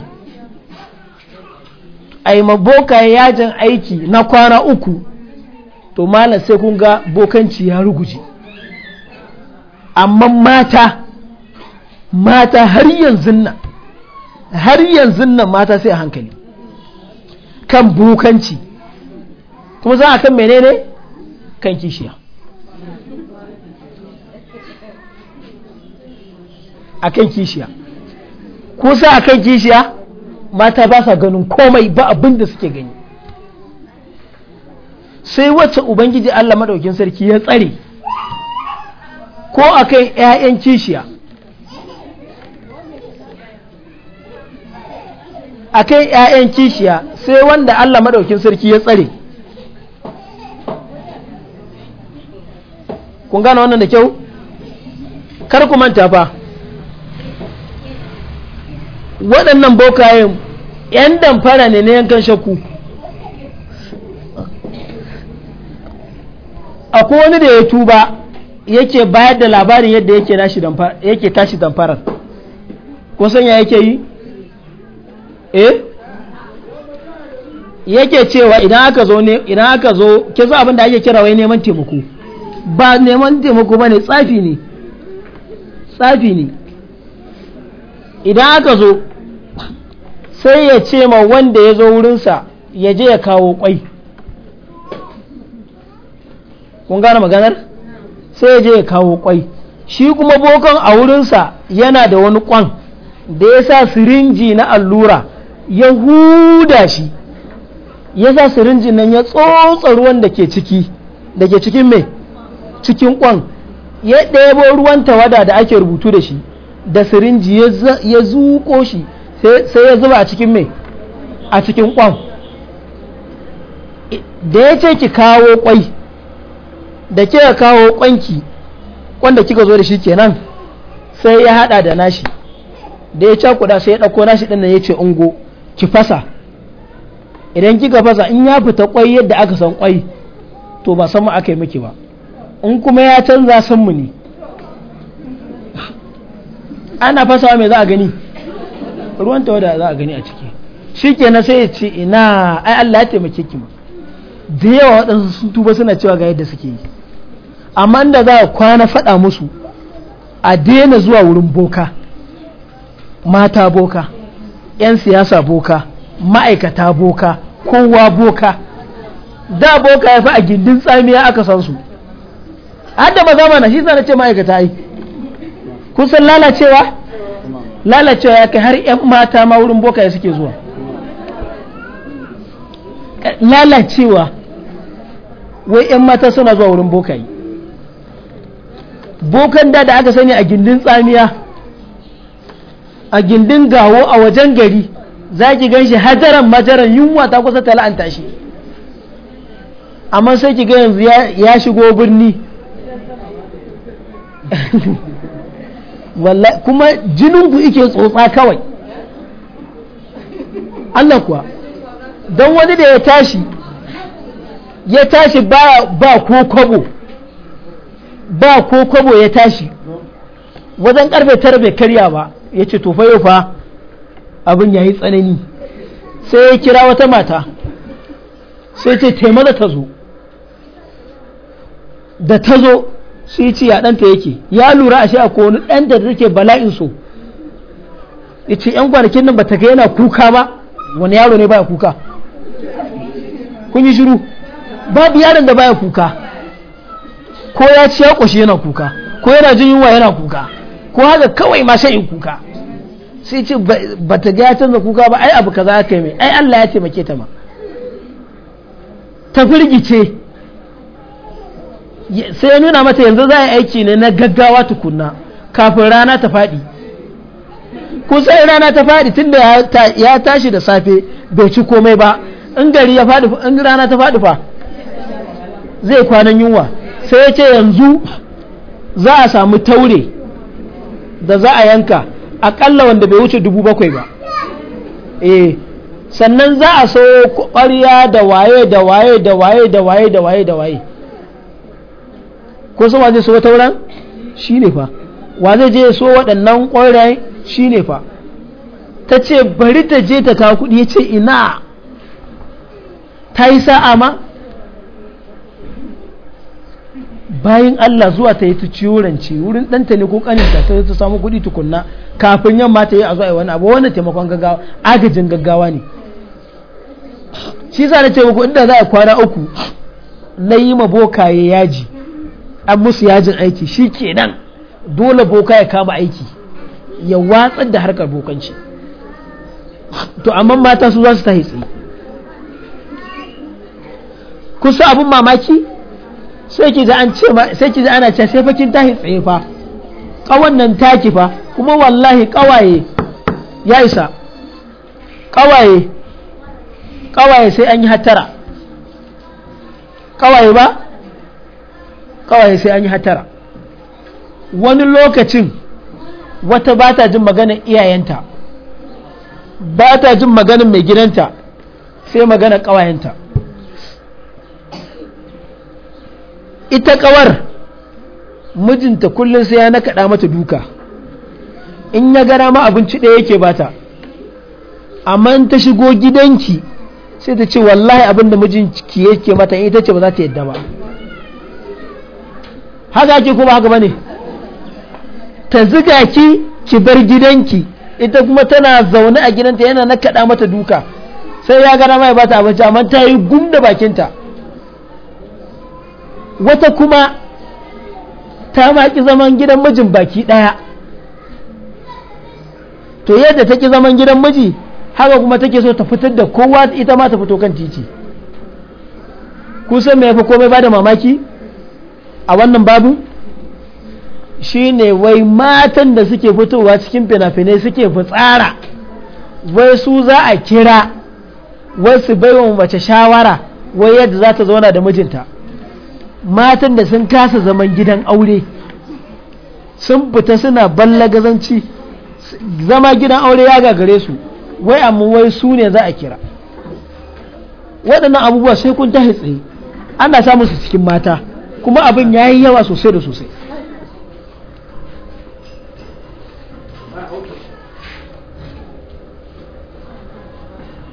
a yi mabokaye yajin aiki na kwana uku to malam sai kun ga bokanci ya ruguje amma mata mata har yanzu nan har yanzu nan mata sai a hankali kan bukanci kuma za a kan menene kan kishiya a kan kishiya kusa a kan kishiya mata ba sa ganin komai ba abin da suke gani sai wacce ubangiji allah maɗaukin sarki ya tsare ko a kan 'ya'yan kishiya a kai ‘ya'yan kishiya sai wanda Allah maɗaukin sarki ya tsare kun gane wannan da kyau kar ku manta fa waɗannan bokayen ‘yan damfara ne na yankan shakku akwai wani da ya tuba yake bayar da labarin yadda yake tashi damfarar kusan ya yake yi eh yake cewa idan aka zo ne idan aka zo ke zo abin da ake kira wai neman taimako ba neman taimako bane tsafi ne tsafi ne idan aka zo sai ya ce ma wanda ya zo wurinsa ya je ya kawo kwai kun gane maganar sai ya je ya kawo kwai shi kuma bokon a wurinsa yana da wani kwan da ya sa sirinji na allura ya huda shi ya sa sirinjin nan ya tsotsa ruwan da ke ciki da ke cikin mai cikin kwan ya ɗebo ruwan tawada da ake rubutu da shi da sirinji ya zuko shi sai ya zuba a cikin mai a cikin kwan da ya ce ki kawo kwai da ke kawo kwanki wanda kika zo da shi kenan sai ya hada da nashi da ya cakuda sai ya ɗauko nashi ɗin nan ya ce ungo ki fasa idan kika fasa in ya fita kwai yadda aka san kwai to ba san mu aka yi miki ba in kuma ya canza san mu ne ana fasawa mai za a gani ruwan da za a gani a ciki na sai ya ce ina ai Allah ya taimake ki ma da yawa waɗansu sun tuba suna cewa ga yadda suke yi amma da za a kwana faɗa musu a daina zuwa wurin boka mata boka 'yan siyasa boka ma'aikata boka kowa boka da boka ya fi a gindin tsamiya aka san su hadda maza mana shi zana ce ma'aikata ai kusan lalacewa lalacewa ya kai har 'yan mata ma wurin boka ya suke zuwa lalacewa wai 'yan mata suna zuwa wurin yi bokan da da aka sani a gindin tsamiya a gindin gawo a wajen gari za ki gan shi hajaran majaran yunwa ta kusa ta la'anta shi amma sai ki ga yanzu ya shigo birni kuma jininku ike tsotsa kawai Allah kuwa don wani da ya tashi ya tashi ba ko kwabo ba ko kwabo ya tashi wajen karfe tara bai karya ba ya ce to yau fa abin ya yi tsanani sai ya kira wata mata sai ce taimada ta zo da ta zo su yi ya ɗanta yake ya lura a sha ko wani ɗan da take bala'in so ya ce ‘yan kwanakin nan ba ta yana kuka ba wani yaro ne baya kuka kun yi shiru babu yaron da baya kuka ko ya ci ya ƙoshi yana kuka ko yana jin yunwa yana kuka ko haka kawai ma sai in kuka sai ce ba ta ga ta kuka ba ai abu kaza ka yi mai ai Allah ya taimake ta ma ta firgice sai ya nuna mata yanzu za a yi aiki ne na gaggawa tukunna kafin rana ta faɗi kusan rana ta faɗi tun da ya tashi da safe bai ci komai ba in gari ya faɗi in rana ta faɗi fa zai kwanan yunwa sai ya ce yanzu za a samu taure da za a yanka akalla wanda bai wuce dubu bakwai ba eh sannan za a so ƙwarya da waye da waye da waye da waye da waye da waye ko so waje so wata wuran shi ne fa wa zai je so waɗannan ƙwarya shi ne fa ta ce bari ta je ta kawo kuɗi ya ce ina ta yi sa'a ma bayan Allah zuwa ta yi ta ciwo rance wurin ɗanta ne ko ƙaninta ta ta samu kuɗi tukunna kafin yamma ta yi a zuwa wani abu wannan taimakon gaggawa agajin gaggawa ne shi sa na taimako inda za a kwana uku na yi ma boka ya yaji an musu yajin aiki shi ke nan dole boka ya kama aiki ya watsar da harkar bokanci to amma mata su za su ta tsaye kusa abin mamaki sai ki ji an ce sai ki ji ana ce sai fakin tahi tsaye fa kawan nan taki fa kuma wallahi kawaye ya isa kawaye kawaye sai an yi hatara kawaye ba kawaye sai an yi hatara wani lokacin wata ba ta jin magana iyayenta ba ta jin magana mai gidanta sai magana kawayenta ita ƙawar mijinta kullum sai ya nakaɗa mata duka in ya gara ma abinci ɗaya yake bata amma in ta shigo gidanki sai ta ce wallahi abin da mijinki yake mata in ita ce ba za ta yadda ba haka ake ko haka bane ta ziga ki ki bar gidanki ita kuma tana zaune a gidanta yana nakaɗa mata duka sai ya gara ma ya bata abinci amma ta yi gum bakinta wata kuma ta maki zaman gidan mijin baki ɗaya to yadda ta ki zaman gidan miji haka kuma take so ta fitar da kowa ita ma ta fito kan titi kusan mai fi komai ba da mamaki a wannan babu shine wai matan da suke fitowa cikin fina-finai suke fitsara wai su za a kira wasu baiwa mace shawara wai yadda za ta zauna da mijinta matan da sun kasa zaman gidan aure sun fita suna ballagazanci zama gidan aure ya gagare su wai amma wai su ne za a kira waɗannan abubuwa sai kun tahi tsaye ana samun su cikin mata kuma abin ya yi yawa sosai da sosai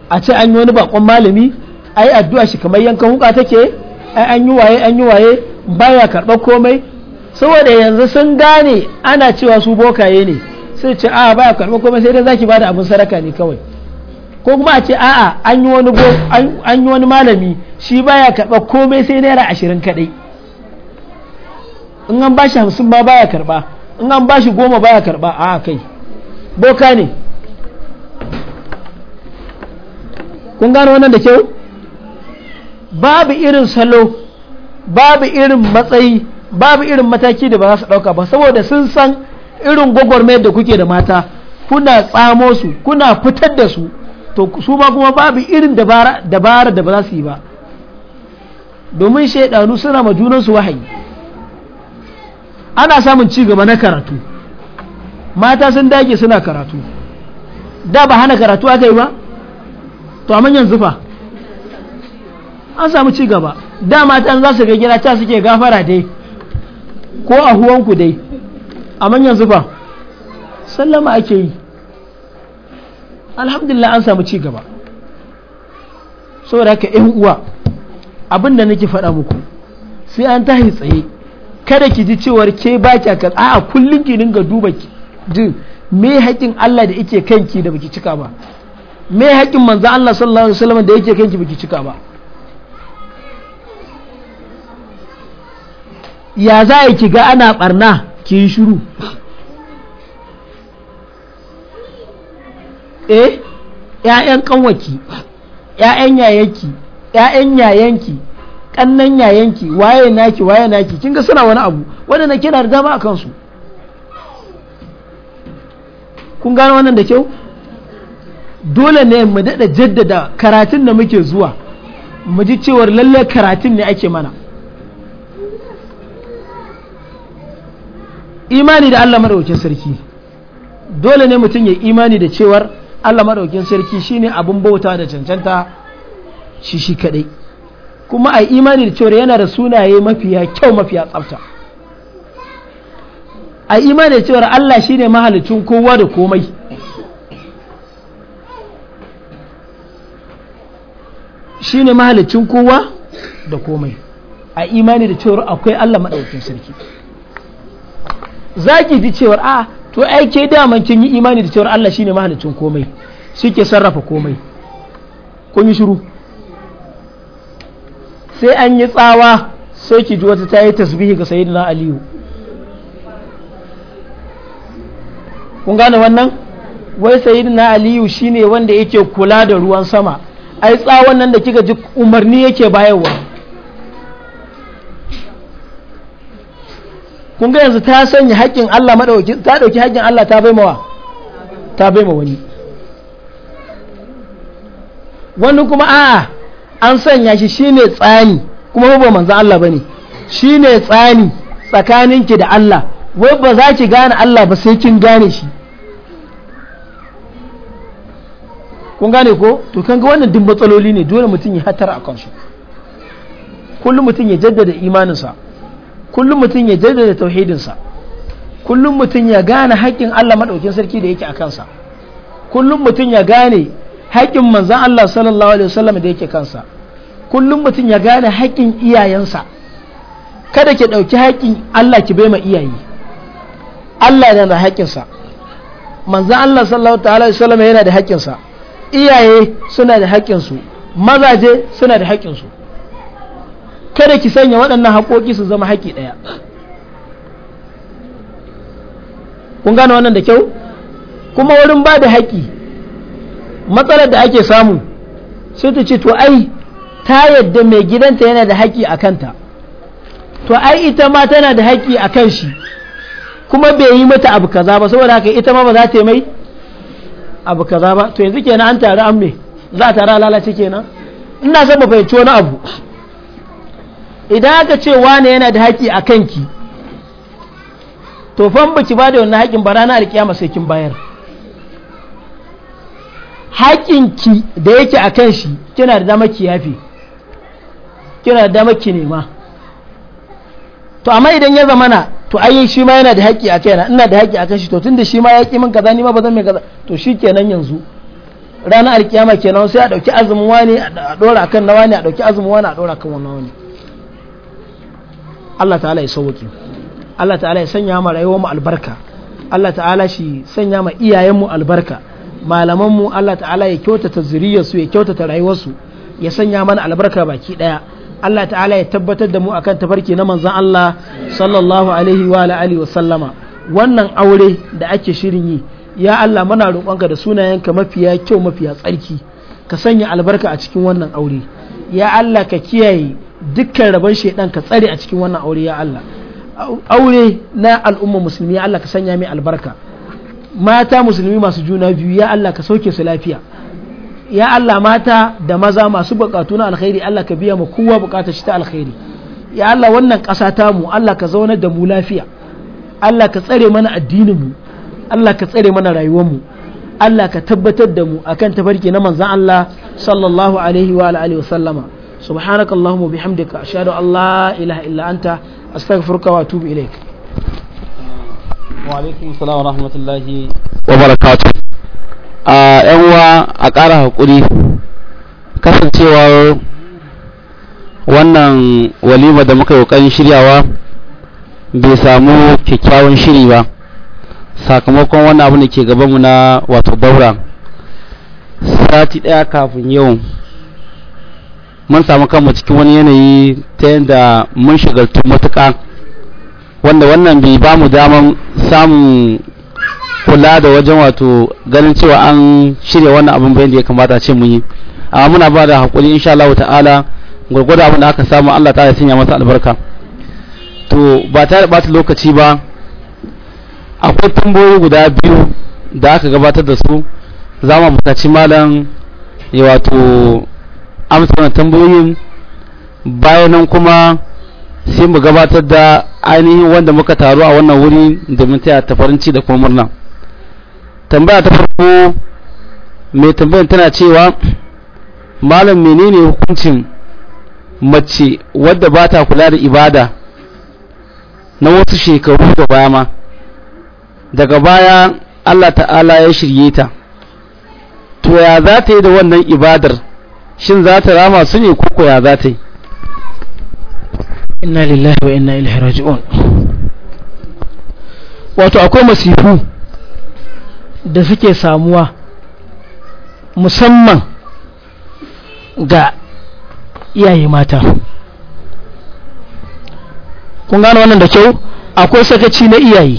a ce an yi wani bakon malami ai addu'a shi kamar yankan huka take an yi waye an yi waye baya karɓar komai saboda yanzu sun gane ana cewa su bokaye ne sai ce a baya karɓar komai sai dai zaki bada abin sadaka ne kawai ko kuma a ce a'a an yi wani an yi wani malami shi baya karɓar komai sai naira ashirin kaɗai in an bashi hamsin ba baya karɓa in an bashi goma baya karɓa a kai boka ne kun gano wannan da kyau babu irin salo babu irin matsayi babu irin mataki da ba za su ɗauka ba saboda sun san irin gwagwarmayar da kuke da mata kuna tsamo su kuna fitar da su to su ma kuma babu irin dabara da ba za su yi ba domin shaidanu suna ma junansu wahayi ana samun ci gaba na karatu mata sun dage suna karatu da ba hana karatu aka yi ba to amma yanzu fa an samu ci gaba da matan za su ga gida ta suke gafara dai ko a huwanku dai a manyan zufa sallama ake yi alhamdulillah an samu ci gaba saboda haka yan uwa abin da nake faɗa muku sai an tahi tsaye kada ki ji cewar ke ba ki aka a kullum ki dinga duba ki jin me haƙin Allah da yake kanki da baki cika ba me haƙin manzo Allah sallallahu alaihi wasallam da yake kanki baki cika ba ya za a ki ga ana ɓarna ki yi shuru eh ‘ya'yan kanwaki ‘ya'yan yayanki ‘ya'yan yayanki ƙannan yayanki waye naki waye naki kin ga suna wani abu wadanda ke da dama a kansu kun gano wannan da kyau dole ne mu daɗa jaddada karatun da muke zuwa mu ji cewar lallai karatun ne ake mana imani da Allah madaukakin sarki dole ne mutum ya imani da cewar Allah madaukakin sarki shine abin bauta da cancanta shi shi kadai kuma a imani da cewar yana da sunaye mafiya kyau mafiya tsafta a imani da cewar Allah shine mahalicin kowa da komai shine mahalicin kowa da komai a imani da cewar akwai Allah madaukakin sarki za ki ji cewar a ah, to ai ke daman kin yi imani da cewar Allah shine mahalicin komai shi ke sarrafa komai kun yi shiru sai an yi tsawa sai ki ji wata ta yi tasbihi ga sayyidina aliyu kun gane wannan wai sayyidina aliyu shine wanda yake kula da ruwan sama ai tsawon nan da kika ji umarni yake bayarwa kun ga yanzu ta sanya haƙƙin Allah maɗauki ta ɗauki haƙƙin Allah ta bai mawa ta bai ma wani wani kuma a'a an sanya shi shine tsani kuma ba manzo Allah bane shine tsani tsakaninki da Allah wai ba za ki gane Allah ba sai kin gane shi kun gane ko to kan ga wannan duk matsaloli ne dole mutum ya hatar a kansu kullum mutum ya jaddada imaninsa kullum mutum ya jaddada tauhidinsa kullum mutum ya gane haƙƙin Allah maɗaukin sarki da yake a kansa kullum mutum ya gane haƙƙin manzan Allah sallallahu alaihi wasallam da yake kansa kullum mutum ya gane haƙƙin iyayensa kada ki ɗauki haƙƙin Allah ki bai ma iyaye Allah yana da haƙƙinsa manzan Allah sallallahu alaihi wasallam yana da haƙƙinsa iyaye suna da haƙƙinsu mazaje suna da haƙƙinsu kada ki sanya waɗannan haƙoƙi su zama haƙi ɗaya kun gane wannan da kyau kuma wurin ba da haƙi matsalar da ake samu sai ta ce to ai ta yadda mai gidanta yana da haƙi a kanta to ai ita ma tana da haƙi a kan shi kuma bai yi mata abu kaza ba saboda haka ita ma ba za ta yi mai abu kaza ba to yanzu kenan an tare an me za a tare lalace kenan ina son ba fahimci wani abu idan aka ce wane yana da haƙi a kanki to fan ki ba da wannan haƙin ba ranar alƙiyama sai kin bayar ki da yake a kan shi kina da dama ki yafe kina da dama ki nema to amma idan ya zama na to ai shi ma yana da haƙƙi a kaina ina da haƙƙi a kan shi to tunda shi ma ya ƙi min kaza ni ma ba zan mai kaza to shi kenan yanzu ranar alƙiyama kenan sai a ɗauki azumin wani a ɗora kan na wani a ɗauki azumin wani a ɗora kan wani Allah ta'ala ya sauke Allah ta'ala ya sanya ma rayuwar mu albarka Allah ta'ala shi sanya ma iyayen mu albarka malaman mu Allah ta'ala ya kyautata zuriyar su ya kyautata rayuwar su ya sanya mana albarka baki daya Allah ta'ala ya tabbatar da mu akan tafarki na manzon Allah sallallahu alaihi wa alihi wa sallama wannan aure da ake shirin yi ya Allah muna roƙonka da sunayenka mafiya kyau mafiya tsarki ka sanya albarka a cikin wannan aure ya Allah ka kiyaye dukkan rabon shaidan ka tsare a cikin wannan aure ya Allah aure na al'umma musulmi ya Allah ka sanya mai albarka mata musulmi masu juna biyu ya Allah ka sauke su lafiya ya Allah mata da maza masu bukatu na alkhairi Allah ka biya mu kowa bukatar shi ta alkhairi ya Allah wannan ƙasa mu Allah ka zaunar da mu lafiya Allah ka tsare mana addinin mu Allah ka tsare mana rayuwar mu Allah ka tabbatar da mu akan tafarki na manzon Allah sallallahu alaihi wa alihi wa sallama سبحانك اللهم وبحمدك an la لا illa anta astaghfiruka wa atubu ilaik
wa السلام assalam الله rahmatullahi wa a ah, yan uwa a ƙara hakuri kasancewar wannan walima da muka yi ƙoƙarin shiryawa bai samu kyakkyawan shiri ba sakamakon wannan abin da ke gabanmu na wato daura sati ɗaya kafin yau mun samu kanmu cikin wani yanayi ta yadda mun shigaltu matuka wanda wannan bai ba mu daman samun kula da wajen wato ganin cewa an shirya wannan abin bayan da ya kamata ce mun yi amma muna ba da haƙuri insha Allah ta'ala gwargwado abin da aka samu Allah ta sanya masa albarka to ba ta da bata lokaci ba akwai tambayoyi guda biyu da aka gabatar da su za mu bukaci malam ya wato amsa wannan tambayoyin bayan nan kuma sai mu gabatar da ainihin wanda muka taru a wannan wuri domin taya ta farin da kuma murna tambaya ta farko mai tambayar tana cewa malam menene hukuncin mace wadda ba ta kula da ibada na wasu shekaru da baya ma daga baya Allah ta'ala ya shirye ta to ya za ta yi da wannan ibadar shin za ta rama su ne ko ya za ta yi
inna lillahi wa inna ilaihi raji'un wato akwai masifu da suke samuwa musamman ga iyaye mata kun gano wannan da kyau akwai sakaci na iyaye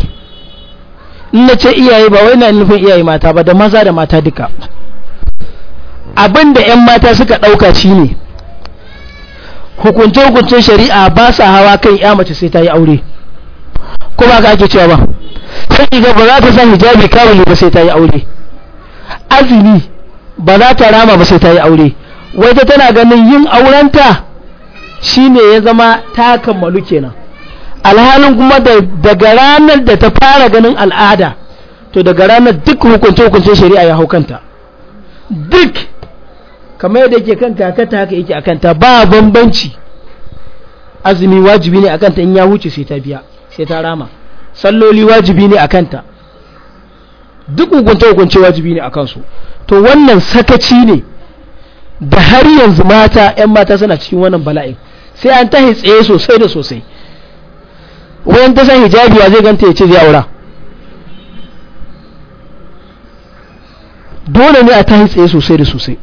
in na ce iyaye ba wai na nufin iyaye mata ba da maza da mata duka abin da 'yan mata suka ɗauka shi ne hukunce-hukuncen shari'a ba sa hawa kan ya mace sai ta yi aure ko ba ka ake cewa ba sai ga ba za ta sa hijabi kawai ba sai ta yi aure azumi ba za ta rama ba sai ta yi aure wata tana ganin yin aurenta shine ya zama ta kammalu kenan alhalin kuma daga ranar da ta fara ganin al'ada to daga ranar duk hukunce-hukuncen shari'a ya hau kanta duk kamar yadda yake kan kakata haka yake akan ta ba bambanci azumi wajibi ne akan ta in ya wuce sai ta biya sai ta rama salloli wajibi ne akan ta duk hukunta hukunce wajibi ne akan su to wannan sakaci ne da har yanzu mata 'yan mata suna cikin wannan bala'in sai an tahi tsaye sosai da sosai wayan ta san hijabi wa zai ganta ya ce zai aura dole ne a ta tsaye sosai da sosai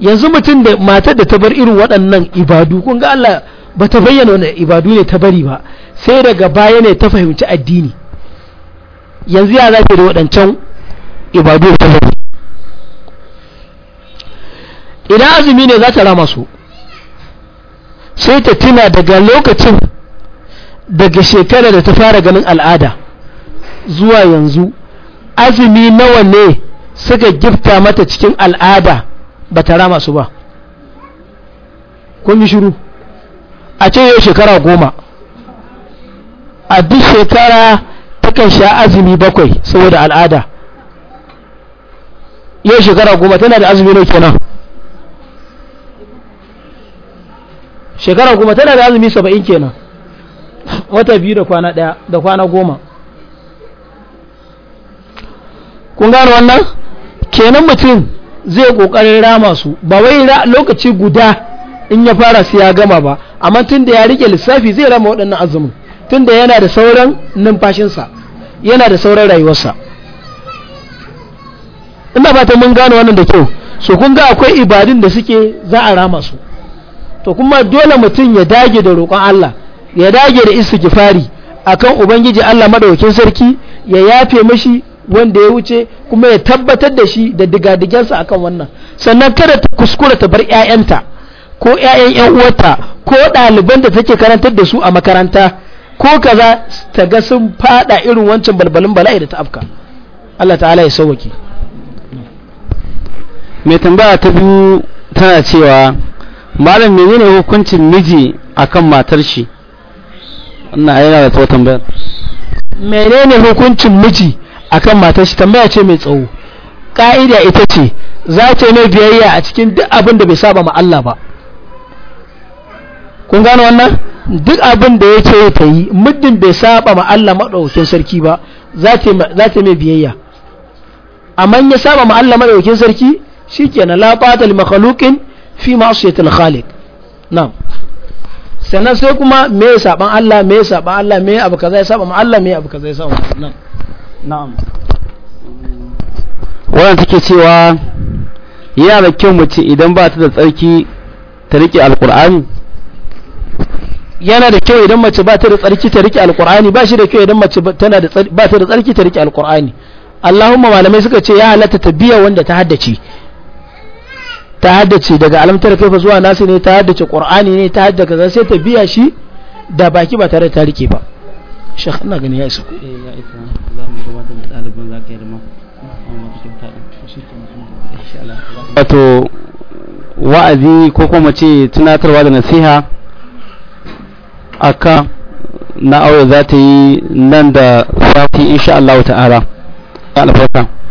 yanzu mutum da matar da ta bar irin waɗannan ibadu kun ga Allah ba ta bayyana wani ibadu ne ta bari ba sai daga baya ne ta fahimci addini yanzu ya za da waɗancan ibadu ta bari idan azumi ne za ta rama su sai ta tuna daga lokacin daga shekarar da ta fara ganin al'ada zuwa yanzu azumi nawa ne suka gifta mata cikin al'ada ba ta rama su ba kun yi shiru a ce yau shekara goma a duk shekara takan sha azumi bakwai saboda al'ada yau shekara goma tana da azumi nau nan, shekara goma tana da azumi saba'in kenan wata biyu da kwana daya da kwana goma kun gano wannan kenan mutum zai kokarin rama su ba wai lokaci guda in ya fara sai ya gama ba amma tunda ya rike lissafi zai rama waɗannan azumin tunda yana da sauran numfashinsa yana da sauran rayuwarsa ina ta mun gane wannan da kyau so kun ga akwai ibadun da suke za a rama su to kuma dole mutum ya dage da roƙon Allah ya dage da istighfari akan ubangiji Allah madaukakin sarki ya yafe mishi wanda ya wuce kuma ya tabbatar da shi da digadigensa akan wannan sannan kada ta kuskura ta bar 'ya'yanta ko 'ya'yan 'yan uwarta ko ɗaliban da take karantar da su a makaranta ko kaza ta ga sun fada irin wancan balbalin bala'i da ta afka Allah ta'ala ya sauwaki
mai tambaya ta biyu tana cewa malam menene hukuncin miji akan matar shi wannan yana da tambayar menene
hukuncin miji akan matar shi tambaya ce mai tsawo ka'ida ita ce za ta mai biyayya a cikin duk abin da bai saba ma Allah ba kun gano wannan duk abin da ya ce ta yi muddin bai saba ma Allah maɗaukin sarki ba za ta mai biyayya amma ya saba ma Allah maɗaukin sarki shikenan la batal makhluqin fi ma'siyatil khaliq na'am sannan sai kuma me saban Allah me saban Allah me abu kaza ya saba ma Allah me abu
kaza ya saba na'am na'am wannan take cewa yana da kyau mace idan ba ta da tsarki ta rike alkur'ani yana da kyau idan mace ba ta da tsarki ta rike alkur'ani ba shi da kyau idan mace tana da
ba ta da tsarki ta rike alkur'ani Allahumma malamai suka ce ya halatta ta biya wanda ta haddace ta haddace daga alamtar kaifa zuwa nasu ne ta haddace qur'ani ne ta haddace kaza sai ta biya shi da baki ba tare da ta rike ba shekh ina gani ya isa
ku eh, ya isa za mu gabatar da ɗalibin za ka yi rama wato wa'azi ko kuma ce tunatarwa da nasiha aka na aure za ta yi nan da sati insha Allah ta'ala alfarka